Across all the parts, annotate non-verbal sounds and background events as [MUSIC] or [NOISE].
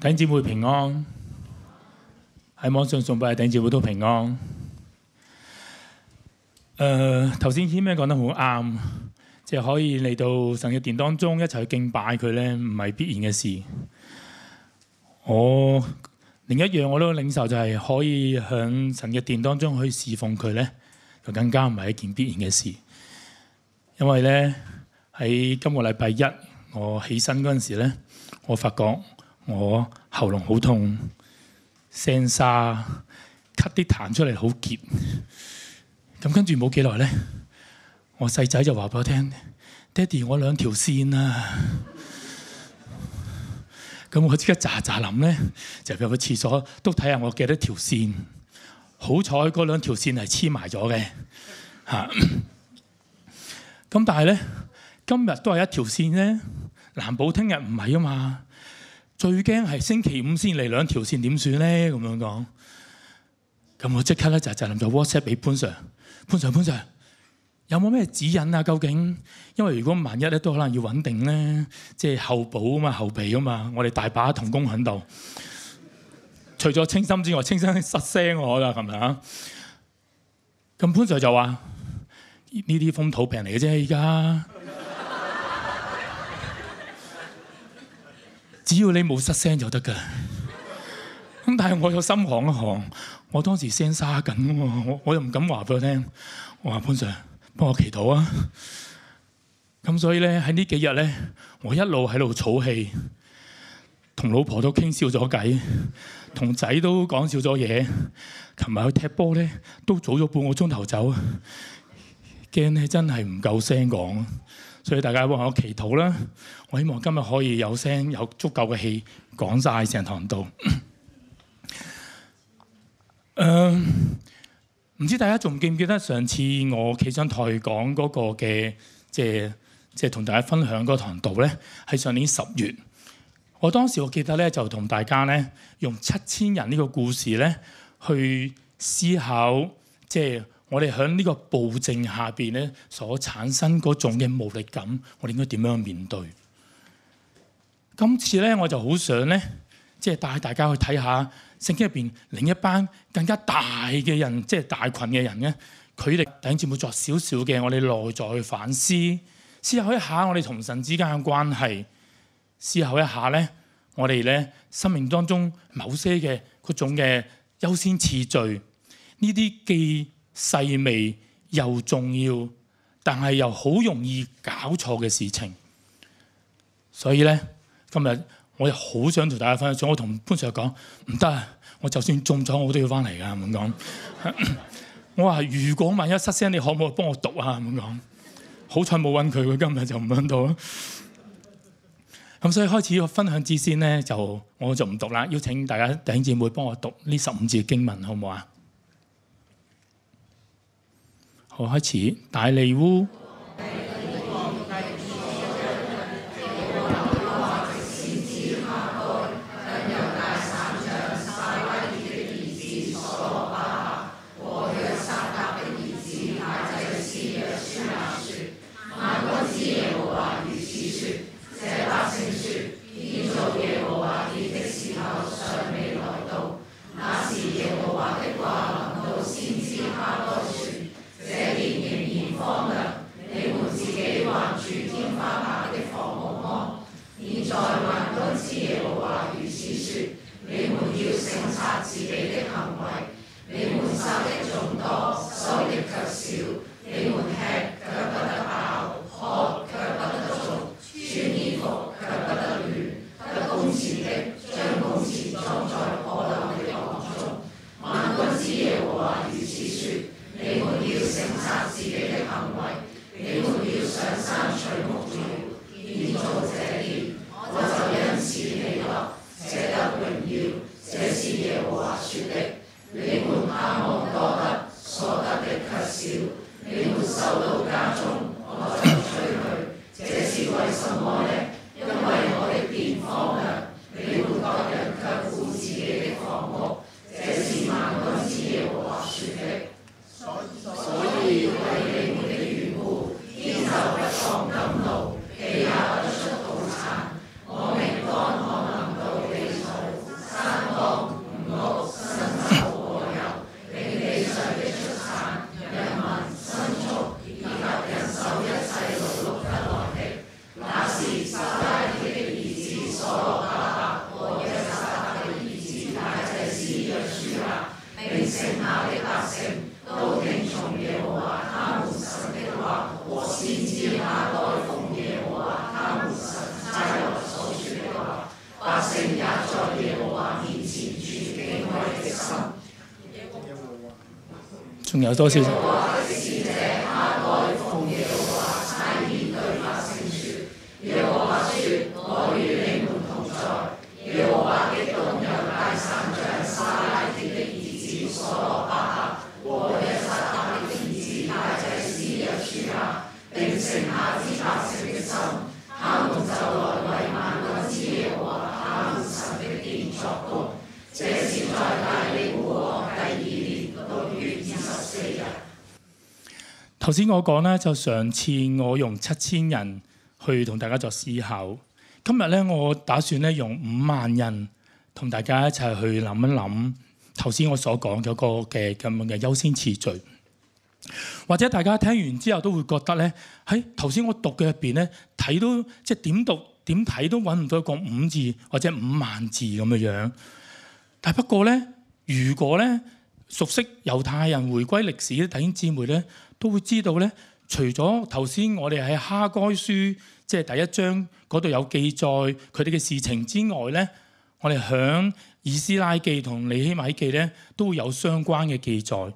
頂姊妹平安，喺網上崇拜頂姊妹都平安。誒、呃，頭先啲咩講得好啱，即係可以嚟到神嘅殿當中一齊去敬拜佢咧，唔係必然嘅事。我另一樣我都領受就係可以響神嘅殿當中去侍奉佢咧，就更加唔係一件必然嘅事。因為咧喺今個禮拜一我起身嗰陣時咧，我發覺。我喉嚨好痛，聲沙，咳啲痰出嚟好結。咁跟住冇幾耐咧，我細仔就話俾我聽：爹哋我兩條線啊！咁 [LAUGHS] 我即刻咋咋諗咧，就入去廁所都睇下我幾多條線。好彩嗰兩條線係黐埋咗嘅，嚇。 [LAUGHS] 咁 [COUGHS] 但係咧，今日都係一條線咧，難保聽日唔係啊嘛。最驚係星期五先嚟兩條線點算咧？咁樣講，咁我即刻咧就就撳咗 WhatsApp 俾潘 Sir。潘 Sir，潘 Sir，有冇咩指引啊？究竟，因為如果萬一咧，都可能要穩定咧，即係後補啊嘛，後備啊嘛，我哋大把同工響度。 [LAUGHS] 除咗清心之外，清心失聲我啦，係咪啊？咁潘 Sir 就話：呢啲風土病嚟嘅啫，而家。只要你冇失聲就得㗎，咁但係我有心行一行，我當時聲沙緊，我我又唔敢話畀佢聽，我話潘 Sir 幫我祈禱啊，咁所以咧喺呢幾日咧，我一路喺度儲氣，同老婆都傾少咗偈，同仔都講少咗嘢，琴日去踢波咧都早咗半個鐘頭走，驚咧真係唔夠聲講。所以大家幫我祈禱啦！我希望今日可以有聲，有足夠嘅氣講晒成堂道。誒、嗯，唔知大家仲記唔記得上次我企上台講嗰個嘅，即係即係同大家分享嗰堂道咧，喺上年十月。我當時我記得咧，就同大家咧用七千人呢個故事咧，去思考即係。就是我哋喺呢個暴政下邊咧，所產生嗰種嘅無力感，我哋應該點樣面對？今次咧，我就好想咧，即係帶大家去睇下聖經入邊另一班更加大嘅人，即係大群嘅人咧。佢哋等一次會作少少嘅我哋內在去反思，思考一下我哋同神之間嘅關係，思考一下咧，我哋咧生命當中某些嘅嗰種嘅優先次序，呢啲既……細微又重要，但係又好容易搞錯嘅事情。所以咧，今日我又好想同大家分享。我同潘 Sir 講唔得啊，我就算中咗，我都要翻嚟噶。唔講，我話 [LAUGHS] 如果萬一失聲，你可唔可以幫我讀啊？唔講，好彩冇揾佢，今日就唔揾到啦。咁所以開始個分享之先咧，就我就唔讀啦，邀請大家弟兄姊妹幫我讀呢十五節嘅經文，好唔好啊？我開始大利烏。啊，多謝。頭先我講咧，就上次我用七千人去同大家作思考。今日咧，我打算咧用五萬人同大家一齊去諗一諗頭先我所講嗰個嘅咁樣嘅優先次序。或者大家聽完之後都會覺得咧，喺頭先我讀嘅入邊咧睇到，即係點讀點睇都揾唔到一個五字或者五萬字咁嘅樣。但不過咧，如果咧，熟悉猶太人迴歸歷史的弟兄姊妹咧，都會知道咧，除咗頭先我哋喺哈該書即係第一章嗰度有記載佢哋嘅事情之外咧，我哋喺以斯拉記同尼希米記咧都會有相關嘅記載。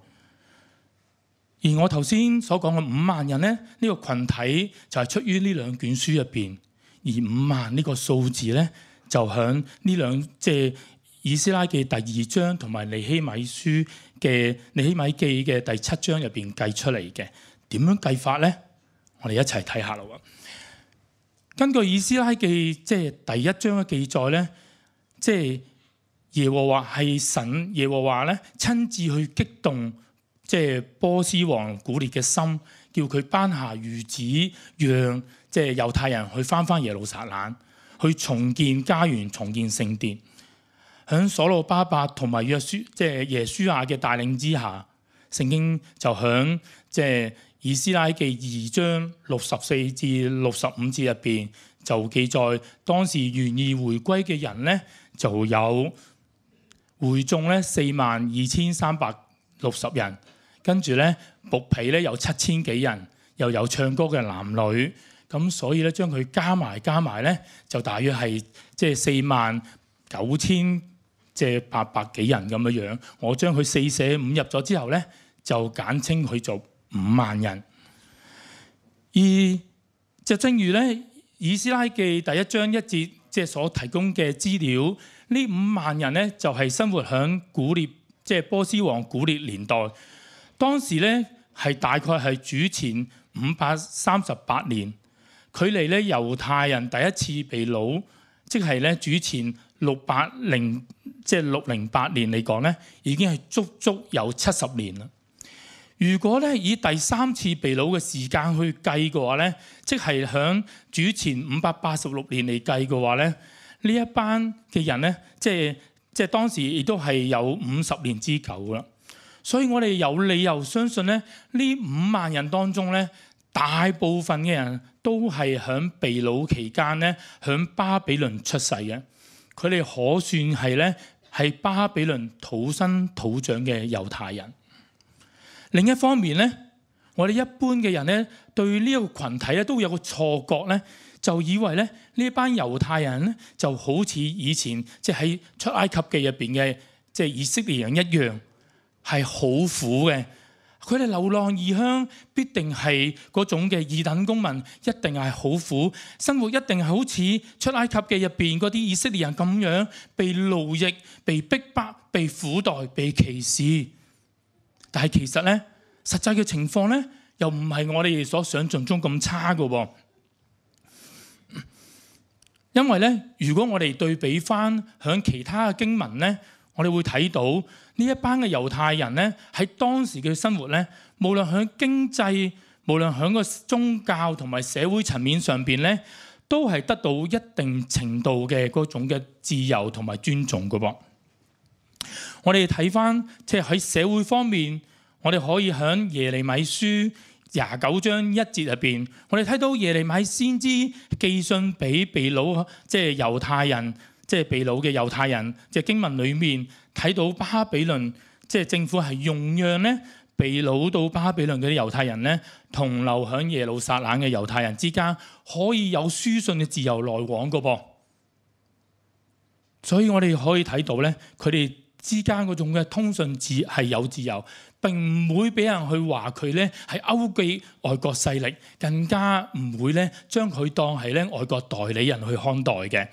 而我頭先所講嘅五萬人咧，呢個羣體就係出於呢兩卷書入邊，而五萬呢個數字咧就喺呢兩即係。以斯拉記第二章同埋尼希米書嘅尼希米記嘅第七章入邊計出嚟嘅。點樣計法咧？我哋一齊睇下咯。根據以斯拉記即係、就是、第一章嘅記載咧，即、就、係、是、耶和華係神，耶和華咧親自去激動即係、就是、波斯王古列嘅心，叫佢頒下諭旨，讓即係猶太人去翻返回耶路撒冷，去重建家園，重建聖殿。響所羅巴伯同埋約書，即係耶書亞嘅帶領之下，聖經就響即係以斯拉記二章六十四至六十五節入邊就記載，當時願意回歸嘅人咧就有會眾咧四萬二千三百六十人，跟住咧僕婢咧有七千幾人，又有唱歌嘅男女，咁所以咧將佢加埋加埋咧就大約係即係四萬九千。即係八百幾人咁樣樣，我將佢四捨五入咗之後呢，就簡稱佢做五萬人。而就正如呢，《以斯拉記》第一章一節即係所提供嘅資料，呢五萬人呢，就係、是、生活響古列，即係波斯王古列年代。當時呢，係大概係主前五百三十八年，距離呢，猶太人第一次被擄，即係呢主前。六百零即係六零八年嚟講咧，已經係足足有七十年啦。如果咧以第三次被擄嘅時間去計嘅話咧，即係響主前五百八十六年嚟計嘅話咧，呢一班嘅人咧，即係即係當時亦都係有五十年之久啦。所以我哋有理由相信咧，呢五萬人當中咧，大部分嘅人都係響被擄期間咧，響巴比倫出世嘅。佢哋可算係咧，係巴比倫土生土長嘅猶太人。另一方面咧，我哋一般嘅人咧，對呢一個群體咧，都會有個錯覺咧，就以為咧，呢一班猶太人咧，就好似以前即係喺出埃及記入邊嘅即係以色列人一樣，係好苦嘅。佢哋流浪異鄉，必定係嗰種嘅二等公民，一定係好苦生活，一定係好似出埃及嘅入邊嗰啲以色列人咁樣，被奴役、被逼迫、被苦待、被歧視。但係其實呢，實際嘅情況呢，又唔係我哋所想象中咁差㗎。因為呢，如果我哋對比翻響其他嘅經文呢。我哋會睇到呢一班嘅猶太人咧，喺當時嘅生活咧，無論喺經濟，無論喺個宗教同埋社會層面上邊咧，都係得到一定程度嘅嗰種嘅自由同埋尊重嘅噃。我哋睇返即係喺社會方面，我哋可以喺耶利米書廿九章一節入邊，我哋睇到耶利米先知寄信俾被擄即係猶太人。即係被擄嘅猶太人，即係經文裏面睇到巴比倫，即係政府係用樣咧，被擄到巴比倫嘅啲猶太人咧，同流喺耶路撒冷嘅猶太人之間可以有書信嘅自由來往嘅噃，所以我哋可以睇到咧，佢哋之間嗰種嘅通訊字係有自由，並唔會俾人去話佢咧係勾結外國勢力，更加唔會咧將佢當係咧外國代理人去看待嘅。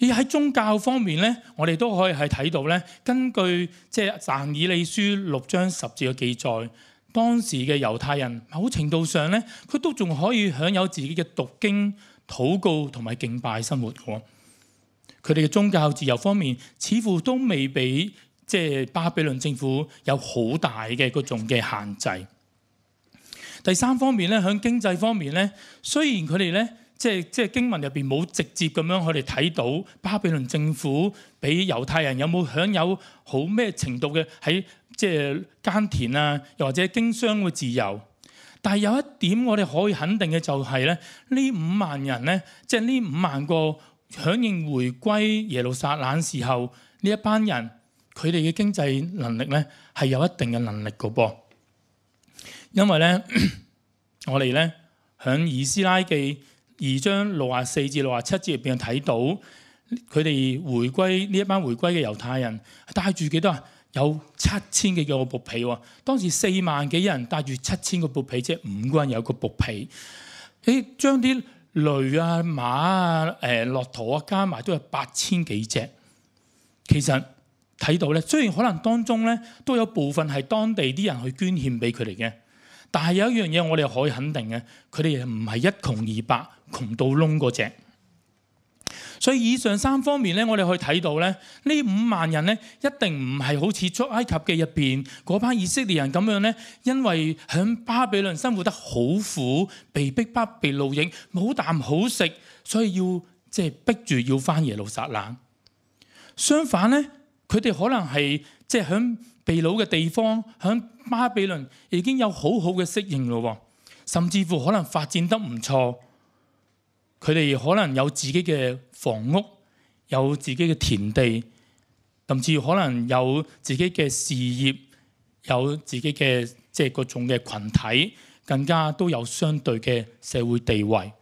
而喺宗教方面咧，我哋都可以係睇到咧。根據即係撒耳裏書六章十節嘅記載，當時嘅猶太人某程度上咧，佢都仲可以享有自己嘅讀經、禱告同埋敬拜生活嘅。佢哋嘅宗教自由方面，似乎都未俾即係巴比倫政府有好大嘅嗰種嘅限制。第三方面咧，響經濟方面咧，雖然佢哋咧。即係即係經文入邊冇直接咁樣，佢哋睇到巴比倫政府俾猶太人有冇享有好咩程度嘅，喺即係耕田啊，又或者經商嘅自由。但係有一點我哋可以肯定嘅就係、是、咧，呢五萬人咧，即係呢五萬個響應回歸耶路撒冷時候呢一班人，佢哋嘅經濟能力咧係有一定嘅能力噶噃，因為咧 [COUGHS] 我哋咧響以斯拉記。而將六十四至六十七節入邊睇到，佢哋回歸呢一班回歸嘅猶太人帶住幾多啊？有七千幾個僕婢喎。當時四萬幾人帶住七千個僕婢啫，即係五個人有個僕婢。誒，將啲驢啊、馬啊、誒駱駝啊加埋都有八千幾隻。其實睇到咧，雖然可能當中咧都有部分係當地啲人去捐獻俾佢哋嘅。但係有一樣嘢，我哋可以肯定嘅，佢哋唔係一窮二白，窮到窿嗰隻。所以以上三方面咧，我哋可以睇到咧，呢五萬人咧一定唔係好似出埃及嘅入邊嗰班以色列人咁樣咧，因為響巴比倫生活得好苦，被逼不被露營，冇啖好食，所以要即係、就是、逼住要返耶路撒冷。相反咧，佢哋可能係即係響，就是地老嘅地方，響巴比倫已經有好好嘅適應咯，甚至乎可能發展得唔錯。佢哋可能有自己嘅房屋，有自己嘅田地，甚至可能有自己嘅事業，有自己嘅即係各種嘅群體，更加都有相對嘅社會地位。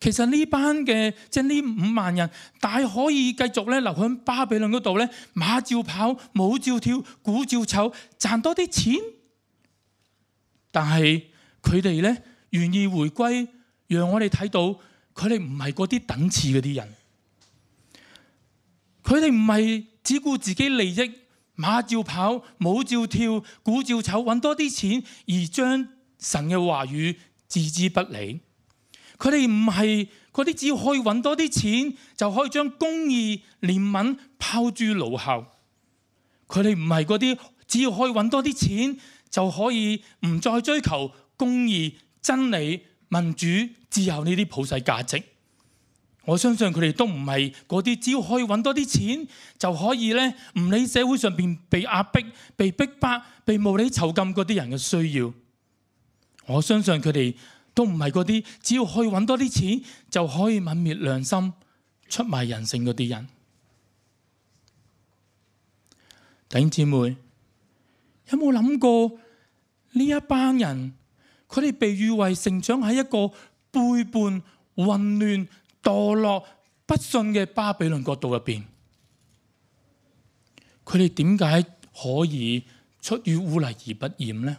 其實呢班嘅即係呢五萬人，大可以繼續咧留喺巴比倫嗰度咧，馬照跑，舞照跳，股照炒，賺多啲錢。但係佢哋咧願意回歸，讓我哋睇到佢哋唔係嗰啲等次嗰啲人，佢哋唔係只顧自己利益，馬照跑，舞照跳，股照炒，揾多啲錢而將神嘅話語置之不理。佢哋唔係嗰啲，只要可以揾多啲錢就可以將公義、憐憫拋諸腦後。佢哋唔係嗰啲，只要可以揾多啲錢就可以唔再追求公義、真理、民主、自由呢啲普世價值。我相信佢哋都唔係嗰啲，只要可以揾多啲錢就可以呢，唔理社會上邊被壓迫、被逼迫、被無理囚禁嗰啲人嘅需要。我相信佢哋都唔係嗰啲，只要可以揾多啲錢就可以泯滅良心、出賣人性嗰啲人。弟兄姊妹，有冇諗過呢一班人？佢哋被譽為成長喺一個背叛、混亂、墮落、不信嘅巴比倫國度入邊。佢哋點解可以出於污泥而不染呢？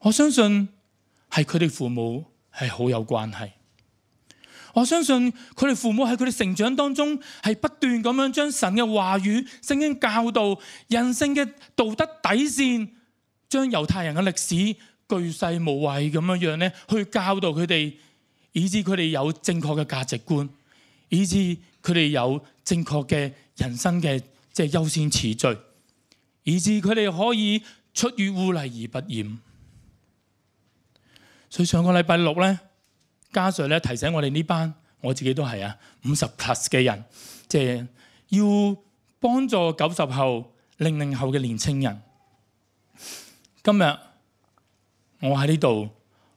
我相信係佢哋父母係好有關係。我相信佢哋父母喺佢哋成長當中係不斷咁樣將神嘅話語、聖經教導、人性嘅道德底線、將猶太人嘅歷史巨細無遺咁樣樣咧，去教導佢哋，以致佢哋有正確嘅價值觀，以致佢哋有正確嘅人生嘅即係優先次序，以致佢哋可以出於污泥而不染。所以上個禮拜六咧，家 Sir 咧提醒我哋呢班，我自己都係啊五十 plus 嘅人，即係要幫助九十後、零零後嘅年青人。今日我喺呢度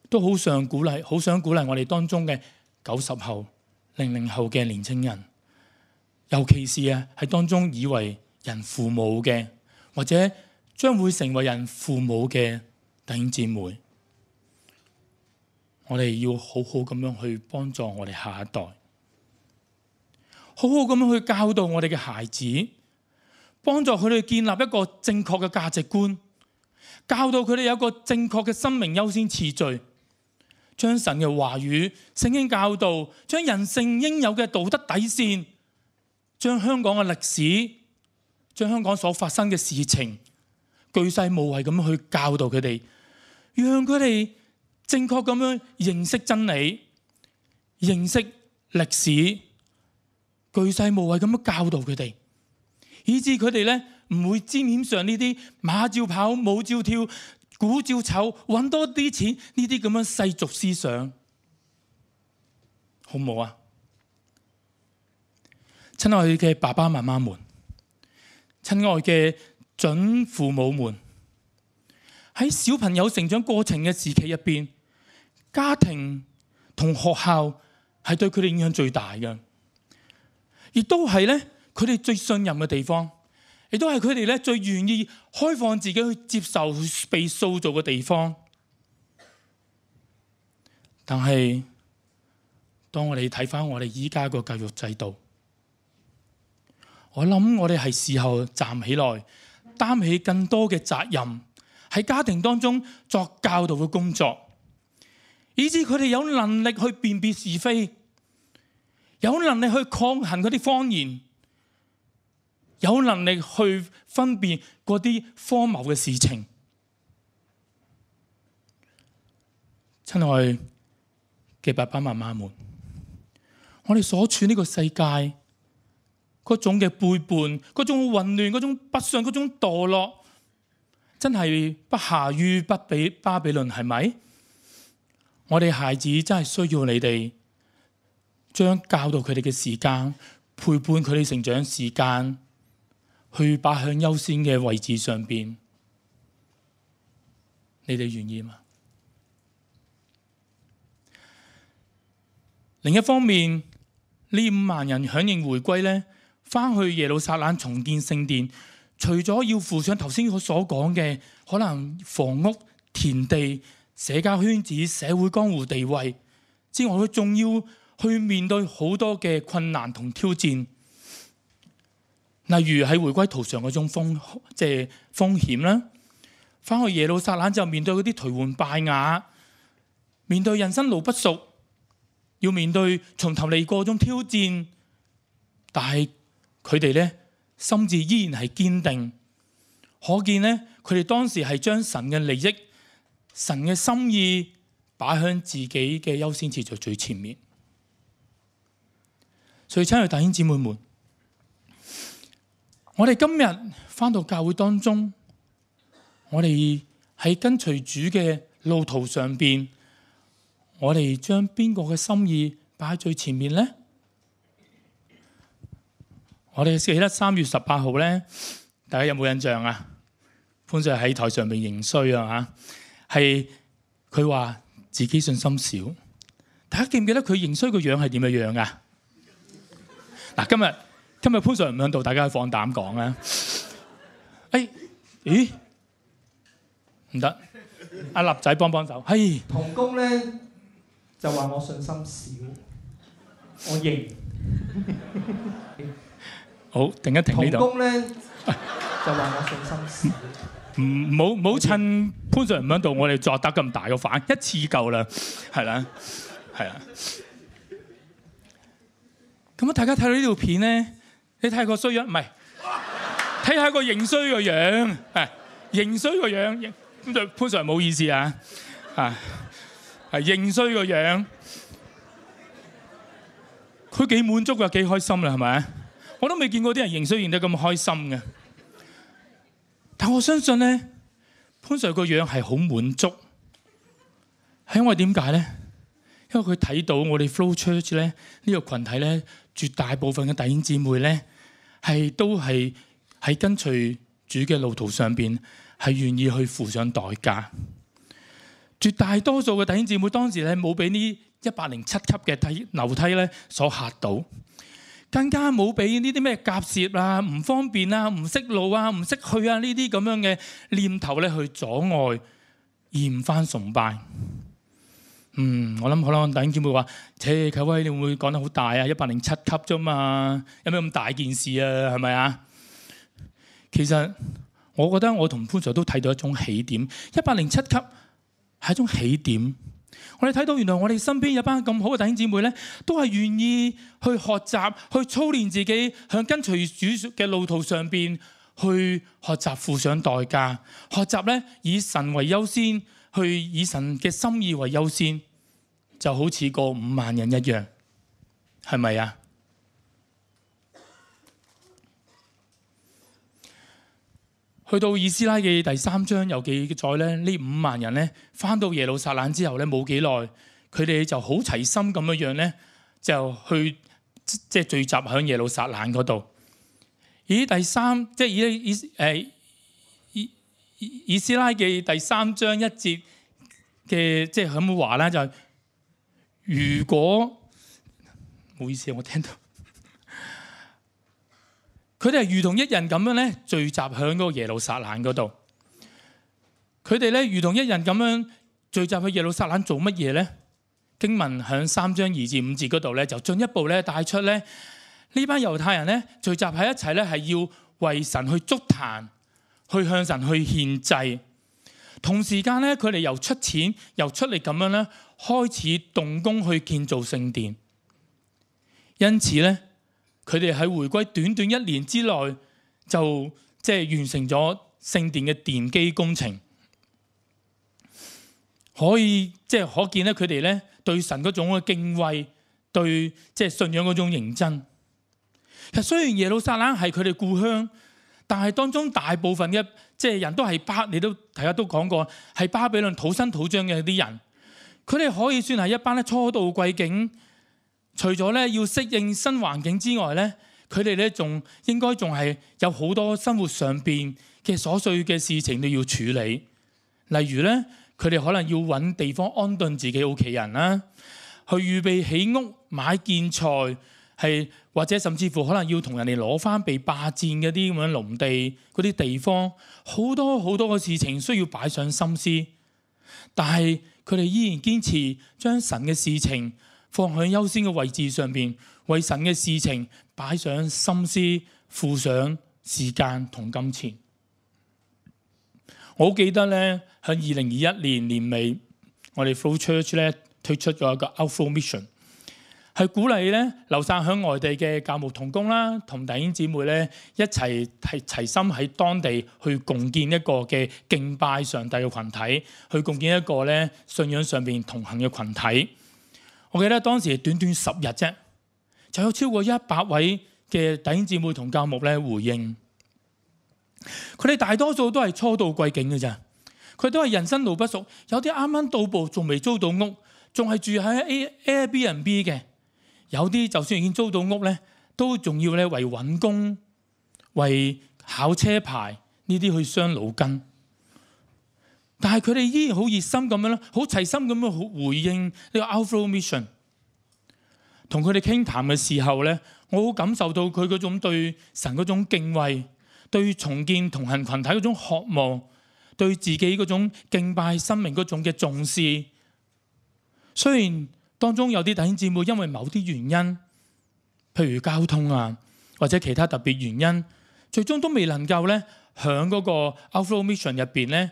都好想鼓勵，好想鼓勵我哋當中嘅九十後、零零後嘅年青人，尤其是啊係當中以為人父母嘅，或者將會成為人父母嘅弟兄姊妹。我哋要好好咁樣去幫助我哋下一代，好好咁樣去教導我哋嘅孩子，幫助佢哋建立一個正確嘅價值觀，教導佢哋有一個正確嘅生命優先次序，將神嘅話語、聖經教導、將人性應有嘅道德底線、將香港嘅歷史、將香港所發生嘅事情，巨細無遺咁去教導佢哋，讓佢哋。正確咁樣認識真理，認識歷史，巨細無遺咁樣教導佢哋，以致佢哋咧唔會沾染上呢啲馬照跑、舞照跳、股照炒，搵多啲錢呢啲咁樣世俗思想，好唔好啊？親愛嘅爸爸媽媽們，親愛嘅準父母們，喺小朋友成長過程嘅時期入邊。家庭同學校係對佢哋影響最大嘅，亦都係咧佢哋最信任嘅地方，亦都係佢哋咧最願意開放自己去接受被塑造嘅地方。但係當我哋睇翻我哋依家個教育制度，我諗我哋係時候站起來，擔起更多嘅責任，喺家庭當中作教導嘅工作。以致佢哋有能力去辨別是非，有能力去抗衡嗰啲謊言，有能力去分辨嗰啲荒謬嘅事情。親愛嘅爸爸媽媽們，我哋所處呢個世界各種嘅背叛、各種混亂、各種不善、嗰種墮落，真係不下於不比巴比倫，係咪？我哋孩子真係需要你哋，將教導佢哋嘅時間、陪伴佢哋成長時間，去擺向優先嘅位置上邊。你哋願意嗎？另一方面，呢五萬人響應回歸呢，翻去耶路撒冷重建聖殿，除咗要附上頭先我所講嘅，可能房屋、田地。社交圈子、社會江湖地位之外，佢仲要去面對好多嘅困難同挑戰，例如喺回歸途上嗰種風，即係風險啦。返去耶路撒冷之後，面對嗰啲頹垣敗瓦，面對人生路不熟，要面對從頭嚟過種挑戰。但係佢哋呢，心志依然係堅定。可見呢，佢哋當時係將神嘅利益、神嘅心意擺向自己嘅優先次序最前面，所以，親愛弟兄姊妹們，我哋今日翻到教會當中，我哋喺跟隨主嘅路途上邊，我哋將邊個嘅心意擺喺最前面呢？我哋記得三月十八號咧，大家有冇印象啊？潘 Sir 喺台上邊認衰啊！吓～係佢話自己信心少，大家記唔記得佢認衰個樣係點樣樣啊？嗱，今日今日潘 Sir 唔響度，大家放膽講啦。誒，咦？唔得，阿立仔幫幫手。係，同工咧就話我信心少，我認。好，停一停呢度。同工咧就話我信心少。唔好好趁潘 Sir 唔喺度，我哋作得咁大個反一次夠啦，係啦，係啊。咁啊，大家睇到呢條片咧，你睇下個衰樣唔係？睇下個認衰個樣，係認衰個樣，咁就潘 Sir 冇意思啊，啊，係認衰個樣，佢幾滿足啊，幾開心啦，係咪啊？我都未見過啲人認衰認得咁開心嘅。但我相信咧，潘 Sir 個樣係好滿足，係因為點解咧？因為佢睇到我哋 Flow Church 咧呢個群體咧，絕大部分嘅弟兄姊妹咧，係都係喺跟隨主嘅路途上邊，係願意去付上代價。絕大多數嘅弟兄姊妹當時咧，冇俾呢一百零七級嘅梯樓梯咧所嚇到。更加冇俾呢啲咩夾涉啊、唔方便啊、唔識路啊、唔識去啊呢啲咁樣嘅念頭咧去阻礙而唔返崇拜。嗯，我諗好啦，弟兄姊妹話，切，啟威你會唔會講得好大啊！一百零七級啫嘛，有咩咁大件事啊？係咪啊？其實我覺得我同潘 Sir 都睇到一種起點，一百零七級係一種起點。我哋睇到，原來我哋身邊有班咁好嘅弟兄姊妹咧，都係願意去學習、去操練自己，向跟隨主嘅路途上邊去學習，付上代價，學習咧以神為優先，去以神嘅心意為優先，就好似個五萬人一樣，係咪啊？去到以斯拉嘅第三章有記載咧？呢五萬人咧，翻到耶路撒冷之後咧，冇幾耐，佢哋就好齊心咁樣樣咧，就去即係聚集喺耶路撒冷嗰度。以第三，即係以以誒以以斯拉嘅第三章一節嘅即係咁話咧，就係如果唔好意思，我聽到。佢哋係如同一人咁樣咧聚集喺嗰個耶路撒冷嗰度。佢哋咧如同一人咁樣聚集去耶路撒冷做乜嘢咧？經文喺三章二至五節嗰度咧就進一步咧帶出咧呢班猶太人咧聚集喺一齊咧係要為神去築壇，去向神去獻祭。同時間咧佢哋又出錢又出力咁樣咧開始動工去建造聖殿。因此咧。佢哋喺回歸短短一年之內就即係完成咗聖殿嘅奠基工程，可以即係、就是、可見咧，佢哋咧對神嗰種嘅敬畏，對即係、就是、信仰嗰種認真。其實雖然耶路撒冷係佢哋故鄉，但係當中大部分嘅即係人都係巴，你都大家都講過係巴比倫土生土長嘅啲人，佢哋可以算係一班咧初到貴境。除咗咧要適應新環境之外咧，佢哋咧仲應該仲係有好多生活上邊嘅瑣碎嘅事情都要處理。例如咧，佢哋可能要搵地方安頓自己屋企人啦，去預備起屋、買建材，係或者甚至乎可能要同人哋攞返被霸佔嘅啲咁樣農地嗰啲地方，好多好多嘅事情需要擺上心思。但係佢哋依然堅持將神嘅事情放喺優先嘅位置上邊，為神嘅事情擺上心思、付上時間同金錢。我記得咧，喺二零二一年年尾，我哋 Flow Church 咧推出咗一個 Outflow Mission，係鼓勵咧流散喺外地嘅教牧同工啦，同弟兄姊妹咧一齊係齊心喺當地去共建一個嘅敬拜上帝嘅群體，去共建一個咧信仰上面同行嘅群體。我記得當時短短十日啫，就有超過一百位嘅弟兄姊妹同教牧咧回應。佢哋大多數都係初到貴境嘅咋，佢都係人生路不熟，有啲啱啱到步仲未租到屋，仲係住喺 Airbnb 嘅。有啲就算已經租到屋咧，都仲要咧為揾工、為考車牌呢啲去傷腦筋。但係佢哋依然好熱心咁樣咯，好齊心咁樣好回應呢個 outflow mission。同佢哋傾談嘅時候咧，我好感受到佢嗰種對神嗰種敬畏，對重建同行羣體嗰種渴望，對自己嗰種敬拜生命嗰種嘅重視。雖然當中有啲弟兄姊妹因為某啲原因，譬如交通啊，或者其他特別原因，最終都未能夠咧響嗰個 outflow mission 入邊咧。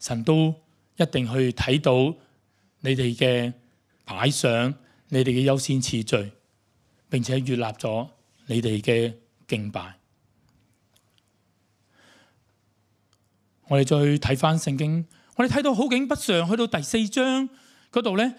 神都一定去睇到你哋嘅擺上，你哋嘅優先次序，並且悅納咗你哋嘅敬拜。我哋再去睇翻聖經，我哋睇到好景不常，去到第四章嗰度咧，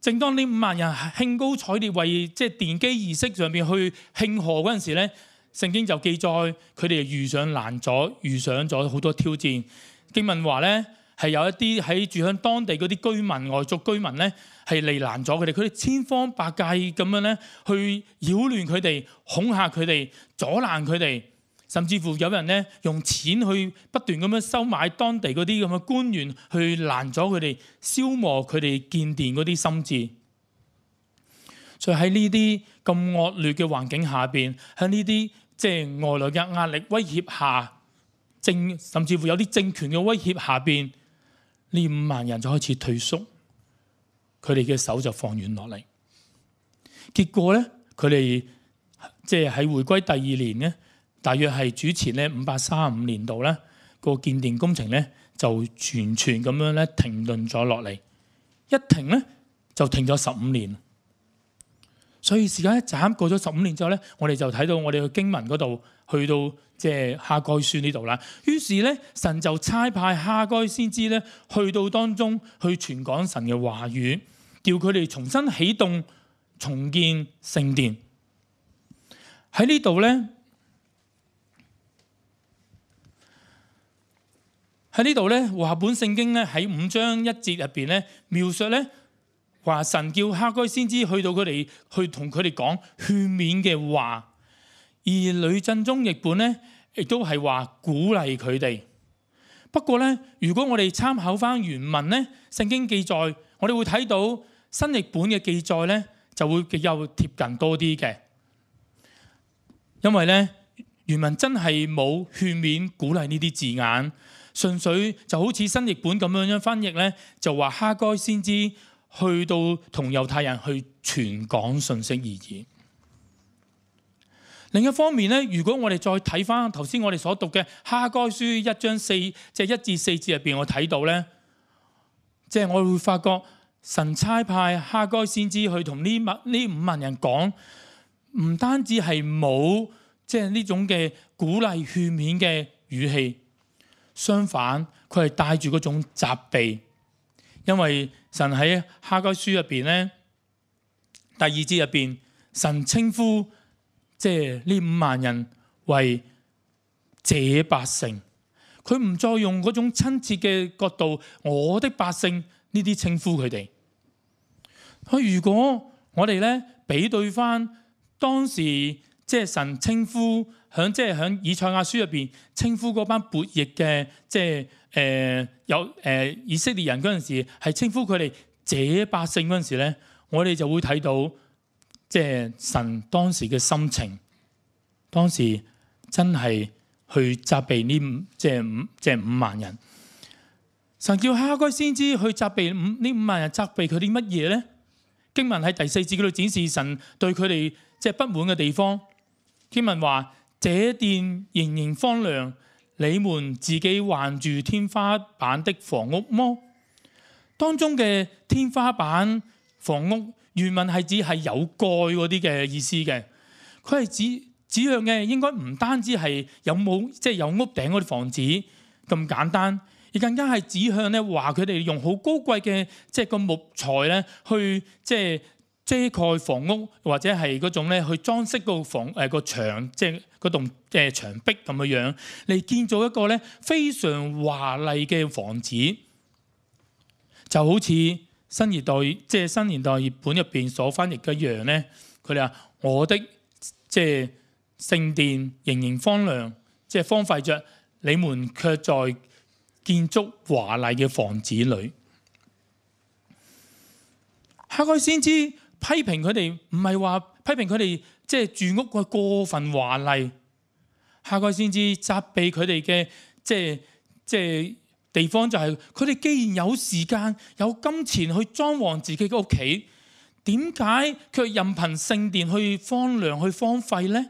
正當呢五萬人興高采烈為即係奠基儀式上面去慶賀嗰陣時咧，聖經就記載佢哋遇上難阻，遇上咗好多挑戰。經文話咧。係有一啲喺住響當地嗰啲居民、外族居民咧，係嚟攔阻佢哋。佢哋千方百計咁樣咧，去擾亂佢哋、恐嚇佢哋、阻攔佢哋，甚至乎有人咧用錢去不斷咁樣收買當地嗰啲咁嘅官員，去攔阻佢哋、消磨佢哋建殿嗰啲心智。所以喺呢啲咁惡劣嘅環境下邊，喺呢啲即係外來嘅壓力威脅下政，甚至乎有啲政權嘅威脅下邊。呢五萬人就開始退縮，佢哋嘅手就放軟落嚟。結果呢，佢哋即係喺回歸第二年呢，大約係主前呢五百三十五年度呢，個建殿工程呢就全全咁樣咧停頓咗落嚟。一停呢，就停咗十五年。所以時間一眨眼，過咗十五年之後呢，我哋就睇到我哋嘅經文嗰度去到。即係哈該書呢度啦，於是咧神就差派哈該先知咧去到當中去傳講神嘅話語，叫佢哋重新啟動、重建聖殿。喺呢度咧，喺呢度咧，和合本聖經咧喺五章一節入邊咧描述咧，話神叫哈該先知去到佢哋去同佢哋講勸勉嘅話。而呂振中譯本咧，亦都係話鼓勵佢哋。不過咧，如果我哋參考翻原文咧，聖經記載，我哋會睇到新譯本嘅記載咧，就會又貼近多啲嘅。因為咧，原文真係冇勸勉、鼓勵呢啲字眼，純粹就好似新譯本咁樣樣翻譯咧，就話哈該先知去到同猶太人去傳講信息而已。另一方面咧，如果我哋再睇翻頭先我哋所讀嘅哈該書一章四即係、就是、一至四節入邊，我睇到咧，即係我會發覺神差派哈該先知去同呢萬呢五萬人講，唔單止係冇即係呢種嘅鼓勵勸勉嘅語氣，相反佢係帶住嗰種責備，因為神喺哈該書入邊咧第二節入邊，神稱呼。即係呢五萬人為這百姓，佢唔再用嗰種親切嘅角度，我的百姓呢啲稱呼佢哋。佢如果我哋咧比對翻當時即係神稱呼響即係響以賽亞書入邊稱呼嗰班叛逆嘅即係誒、呃、有誒、呃、以色列人嗰陣時，係稱呼佢哋這百姓嗰陣時咧，我哋就會睇到。即係神當時嘅心情，當時真係去責備呢，即係五即係五萬人。神叫哈該先知去責備五呢五萬人，責備佢啲乜嘢咧？經文喺第四節嗰度展示神對佢哋即係不滿嘅地方。經文話：這殿仍然荒涼，你們自己還住天花板的房屋麼？當中嘅天花板房屋。原文係指係有蓋嗰啲嘅意思嘅，佢係指指向嘅，應該唔單止係有冇即係有屋頂嗰啲房子咁簡單，而更加係指向咧，話佢哋用好高貴嘅即係個木材咧去即係遮蓋房屋，或者係嗰種咧去裝飾個房誒個、呃、牆即係嗰棟誒牆壁咁嘅樣嚟建造一個咧非常華麗嘅房子，就好似。新時代，即係新年代譯、就是、本入邊所翻譯嘅樣咧，佢哋話：我的即係、就是、聖殿仍然荒涼，即、就、係、是、荒廢着，你們卻在建築華麗嘅房子裏。哈該先知批評佢哋，唔係話批評佢哋即係住屋過過分華麗。哈該先知責備佢哋嘅即係即係。就是就是地方就係佢哋既然有時間、有金錢去裝潢自己嘅屋企，點解卻任憑聖殿去荒涼、去荒廢呢？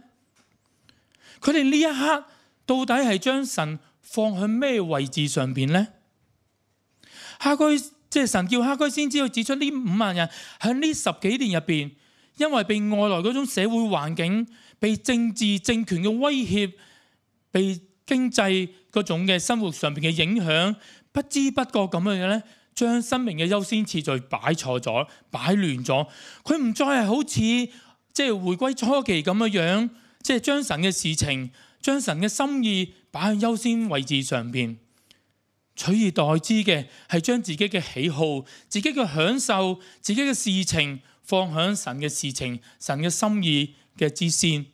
佢哋呢一刻到底係將神放喺咩位置上邊呢？哈該即係神叫哈該先知道指出呢五萬人喺呢十幾年入邊，因為被外來嗰種社會環境、被政治政權嘅威脅、被經濟嗰種嘅生活上邊嘅影響，不知不覺咁樣咧，將生命嘅優先次序擺錯咗、擺亂咗。佢唔再係好似即係回歸初期咁樣樣，即係將神嘅事情、將神嘅心意擺喺優先位置上邊，取而代之嘅係將自己嘅喜好、自己嘅享受、自己嘅事情放喺神嘅事情、神嘅心意嘅之先，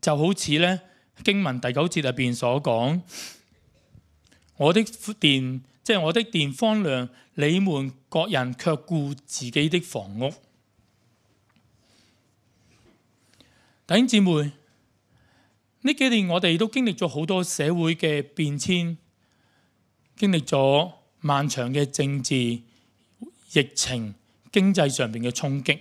就好似咧，經文第九節入邊所講，我的殿，即係我的殿荒涼，你們各人卻顧自己的房屋。弟兄姊妹，呢幾年我哋都經歷咗好多社會嘅變遷，經歷咗漫長嘅政治、疫情、經濟上面嘅衝擊。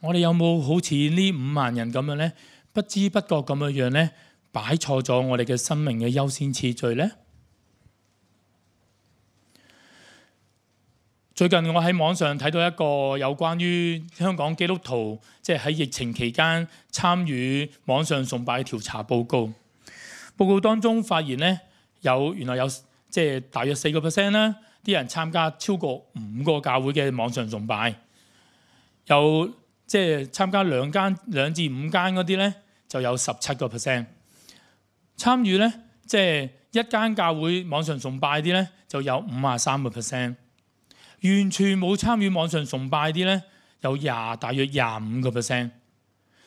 我哋有冇好似呢五萬人咁樣呢？不知不覺咁樣樣咧，擺錯咗我哋嘅生命嘅優先次序咧。最近我喺網上睇到一個有關於香港基督徒，即係喺疫情期間參與網上崇拜調查報告。報告當中發現咧，有原來有即係大約四個 percent 啦，啲人參加超過五個教會嘅網上崇拜，有即係參加兩間兩至五間嗰啲咧。就有十七個 percent 參與咧，即係一間教會網上崇拜啲咧，就有五啊三個 percent 完全冇參與網上崇拜啲咧，有廿大約廿五個 percent。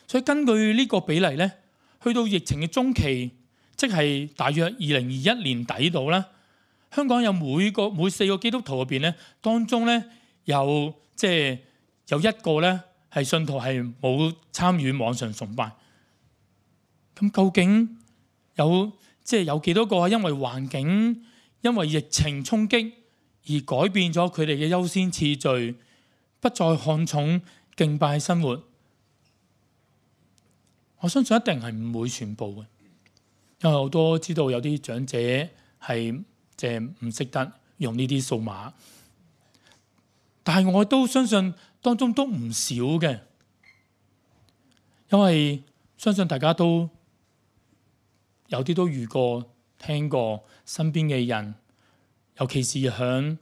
所以根據呢個比例咧，去到疫情嘅中期，即係大約二零二一年底度咧，香港有每個每四個基督徒入邊咧，當中咧有即係有一個咧係信徒係冇參與網上崇拜。咁究竟有即係有幾多個係因為環境、因為疫情衝擊而改變咗佢哋嘅優先次序，不再看重敬拜生活？我相信一定係唔會全部嘅，因為我都知道有啲長者係即係唔識得用呢啲數碼，但係我都相信當中都唔少嘅，因為相信大家都。有啲都遇過、聽過身邊嘅人，尤其是響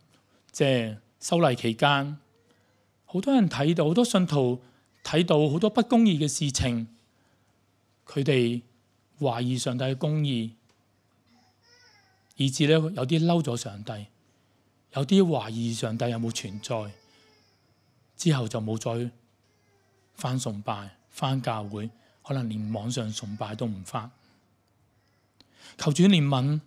即係修例期間，好多人睇到好多信徒睇到好多不公義嘅事情，佢哋懷疑上帝嘅公義，以至呢有啲嬲咗上帝，有啲懷疑上帝有冇存在，之後就冇再翻崇拜、翻教會，可能連網上崇拜都唔翻。求主憐憫，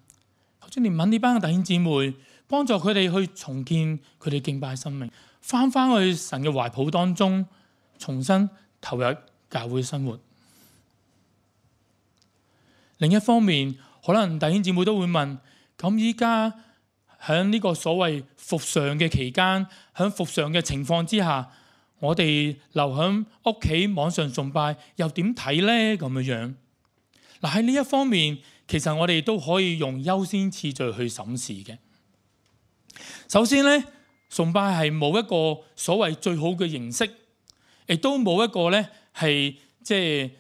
求主憐憫呢班嘅弟兄姊妹，幫助佢哋去重建佢哋敬拜生命，翻翻去神嘅懷抱當中，重新投入教會生活。另一方面，可能弟兄姊妹都會問：咁依家喺呢個所謂復常嘅期間，喺復常嘅情況之下，我哋留喺屋企網上崇拜又點睇呢？咁嘅樣嗱喺呢一方面。其實我哋都可以用優先次序去審視嘅。首先呢，崇拜係冇一個所謂最好嘅形式，亦都冇一個呢係即係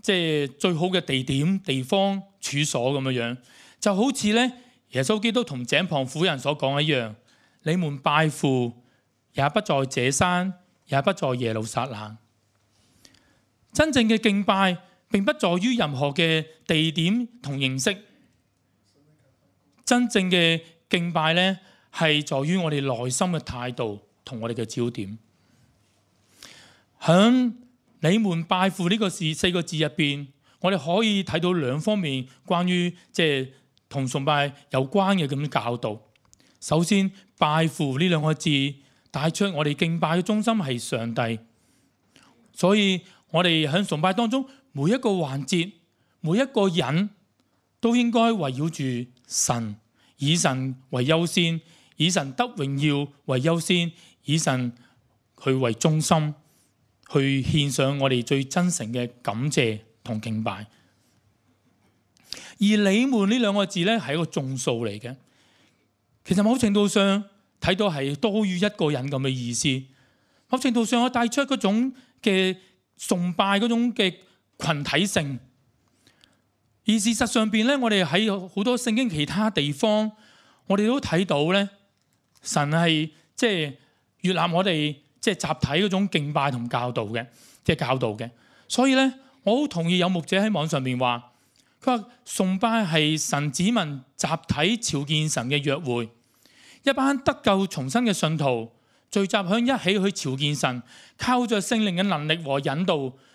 即係最好嘅地點、地方、處所咁樣。就好似呢，耶穌基督同井旁婦人所講一樣：「你們拜父也不在這山，也不在耶路撒冷。真正嘅敬拜，並不在於任何嘅地點同形式，真正嘅敬拜咧係在於我哋內心嘅態度同我哋嘅焦點。響你們拜父呢個字四個字入邊，我哋可以睇到兩方面關於即係同崇拜有關嘅咁教導。首先，拜父呢兩個字帶出我哋敬拜嘅中心係上帝，所以我哋響崇拜當中。每一個環節，每一個人都應該圍繞住神，以神為優先，以神得榮耀為優先，以神佢為中心，去獻上我哋最真誠嘅感謝同敬拜。而你們呢兩個字咧，係一個眾數嚟嘅，其實某程度上睇到係多於一個人咁嘅意思。某程度上，我帶出嗰種嘅崇拜，嗰種嘅。群體性，而事實上邊咧，我哋喺好多聖經其他地方，我哋都睇到咧，神係即係越南我哋即係集體嗰種敬拜同教導嘅，即係教導嘅。所以咧，我好同意有牧者喺網上面話，佢話崇拜係神子民集體朝見神嘅約會，一班得救重生嘅信徒聚集響一起去朝見神，靠著聖靈嘅能力和引導。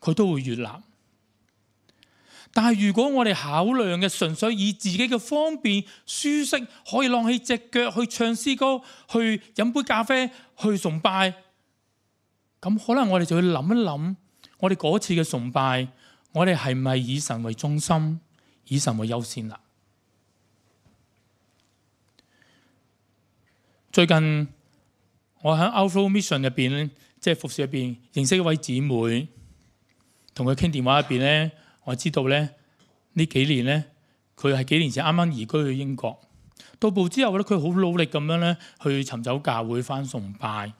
佢都會越難，但係如果我哋考量嘅純粹以自己嘅方便、舒適，可以晾起隻腳去唱詩歌、去飲杯咖啡、去崇拜，咁可能我哋就要諗一諗，我哋嗰次嘅崇拜，我哋係唔係以神為中心、以神為優先啦？最近我喺 Outflow Mission 入邊，即係服事入邊認識一位姊妹。同佢傾電話入邊咧，我知道咧呢幾年咧，佢係幾年前啱啱移居去英國到步之後咧，佢好努力咁樣咧去尋找教會返崇拜，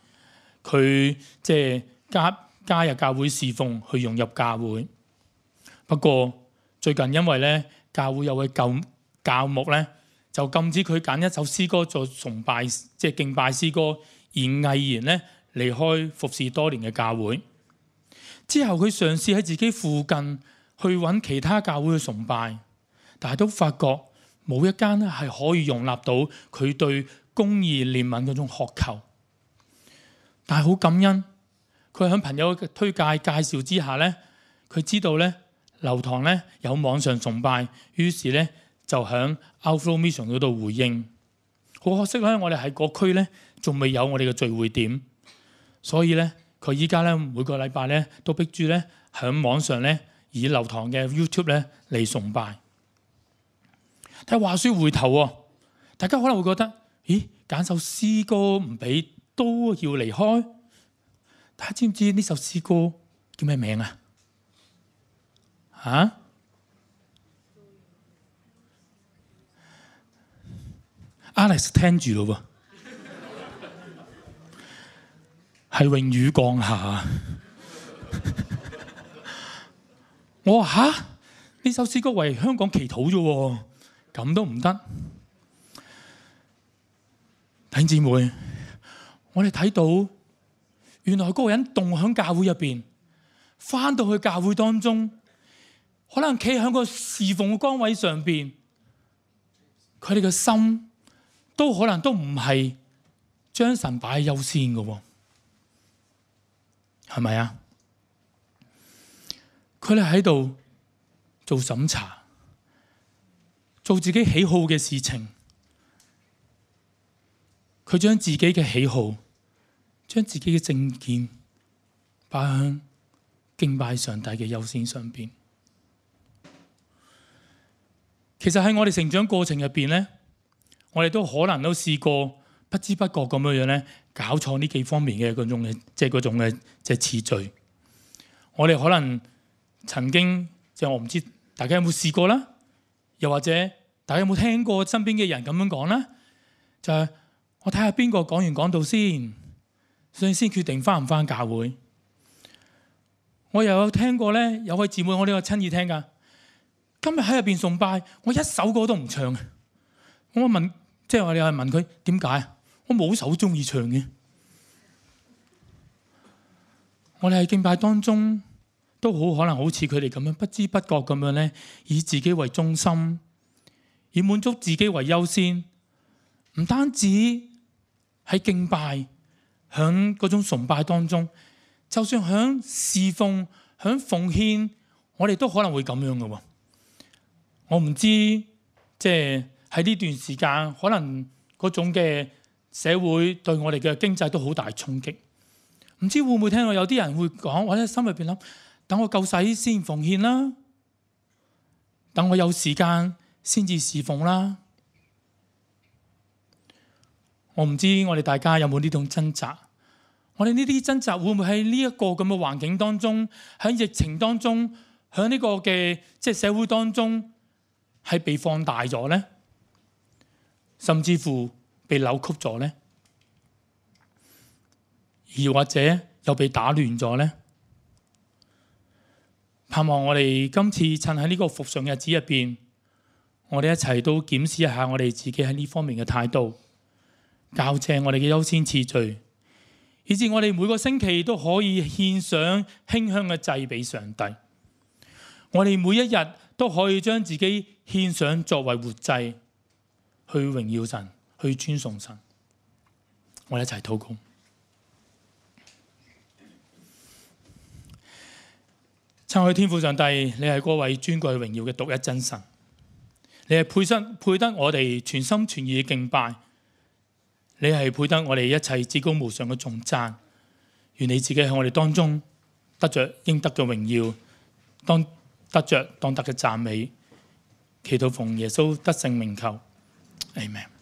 佢即係加加入教會侍奉，去融入教會。不過最近因為咧教會有位教教牧咧就禁止佢揀一首詩歌做崇拜，即係敬拜詩歌，而毅然咧離開服侍多年嘅教會。之後佢嘗試喺自己附近去揾其他教會去崇拜，但係都發覺冇一間咧係可以容納到佢對公義憐憫嗰種渴求。但係好感恩，佢喺朋友推介介紹之下咧，佢知道咧流堂咧有網上崇拜，於是咧就喺 Outflow Mission 嗰度回應。好可惜咧，我哋喺個區咧仲未有我哋嘅聚會點，所以咧。佢依家咧每個禮拜咧都逼住咧喺網上咧以流堂嘅 YouTube 咧嚟崇拜。睇話説回頭喎，大家可能會覺得，咦？揀首詩歌唔俾都要離開，大家知唔知呢首詩歌叫咩名啊？啊？Alex 聽住咯喎。係榮與降下， [LAUGHS] 我話嚇呢首詩歌為香港祈禱啫喎，咁都唔得。弟兄姊妹，我哋睇到原來嗰個人動響教會入邊，翻到去教會當中，可能企響個侍奉嘅崗位上邊，佢哋嘅心都可能都唔係將神擺喺優先嘅喎。係咪啊？佢哋喺度做審查，做自己喜好嘅事情。佢將自己嘅喜好，將自己嘅政見擺喺敬拜上帝嘅優先上邊。其實喺我哋成長過程入邊咧，我哋都可能都試過。不知不覺咁樣樣咧，搞錯呢幾方面嘅嗰、就是、種嘅，即係嗰種嘅即係次序。我哋可能曾經即係、我唔知大家有冇試過啦，又或者大家有冇聽過身邊嘅人咁樣講啦？就係、是、我睇下邊個講完講到先，所以先決定返唔返教會。我又有聽過咧，有位姊妹我呢個有親耳聽噶。今日喺入邊崇拜，我一首歌都唔唱嘅。我問，即係我哋又問佢點解？為什麼我冇首中意唱嘅。我哋喺敬拜當中都好可能好似佢哋咁樣，不知不覺咁樣咧，以自己為中心，以滿足自己為優先。唔單止喺敬拜，響嗰種崇拜當中，就算響侍奉、響奉獻，我哋都可能會咁樣噶。我唔知即係喺呢段時間，可能嗰種嘅。社會對我哋嘅經濟都好大衝擊，唔知會唔會聽到有啲人會講，或者心入邊諗，等我夠使先奉獻啦，等我有時間先至侍奉啦。我唔知我哋大家有冇呢種掙扎，我哋呢啲掙扎會唔會喺呢一個咁嘅環境當中，喺疫情當中，喺呢個嘅即係社會當中係被放大咗咧，甚至乎，被扭曲咗呢，而或者又被打亂咗呢？盼望我哋今次趁喺呢個服順嘅日子入邊，我哋一齊都檢視一下我哋自己喺呢方面嘅態度，校正我哋嘅優先次序，以至我哋每個星期都可以獻上馨香嘅祭俾上帝，我哋每一日都可以將自己獻上作為活祭去榮耀神。去尊崇神，我哋一齊禱告。唱去天父上帝，你係嗰位尊貴榮耀嘅獨一真神，你係配得配得我哋全心全意嘅敬拜，你係配得我哋一切至高無上嘅頌讚。願你自己喺我哋當中得着應得嘅榮耀，當得着當得嘅讚美。祈禱奉耶穌得勝名求，阿門。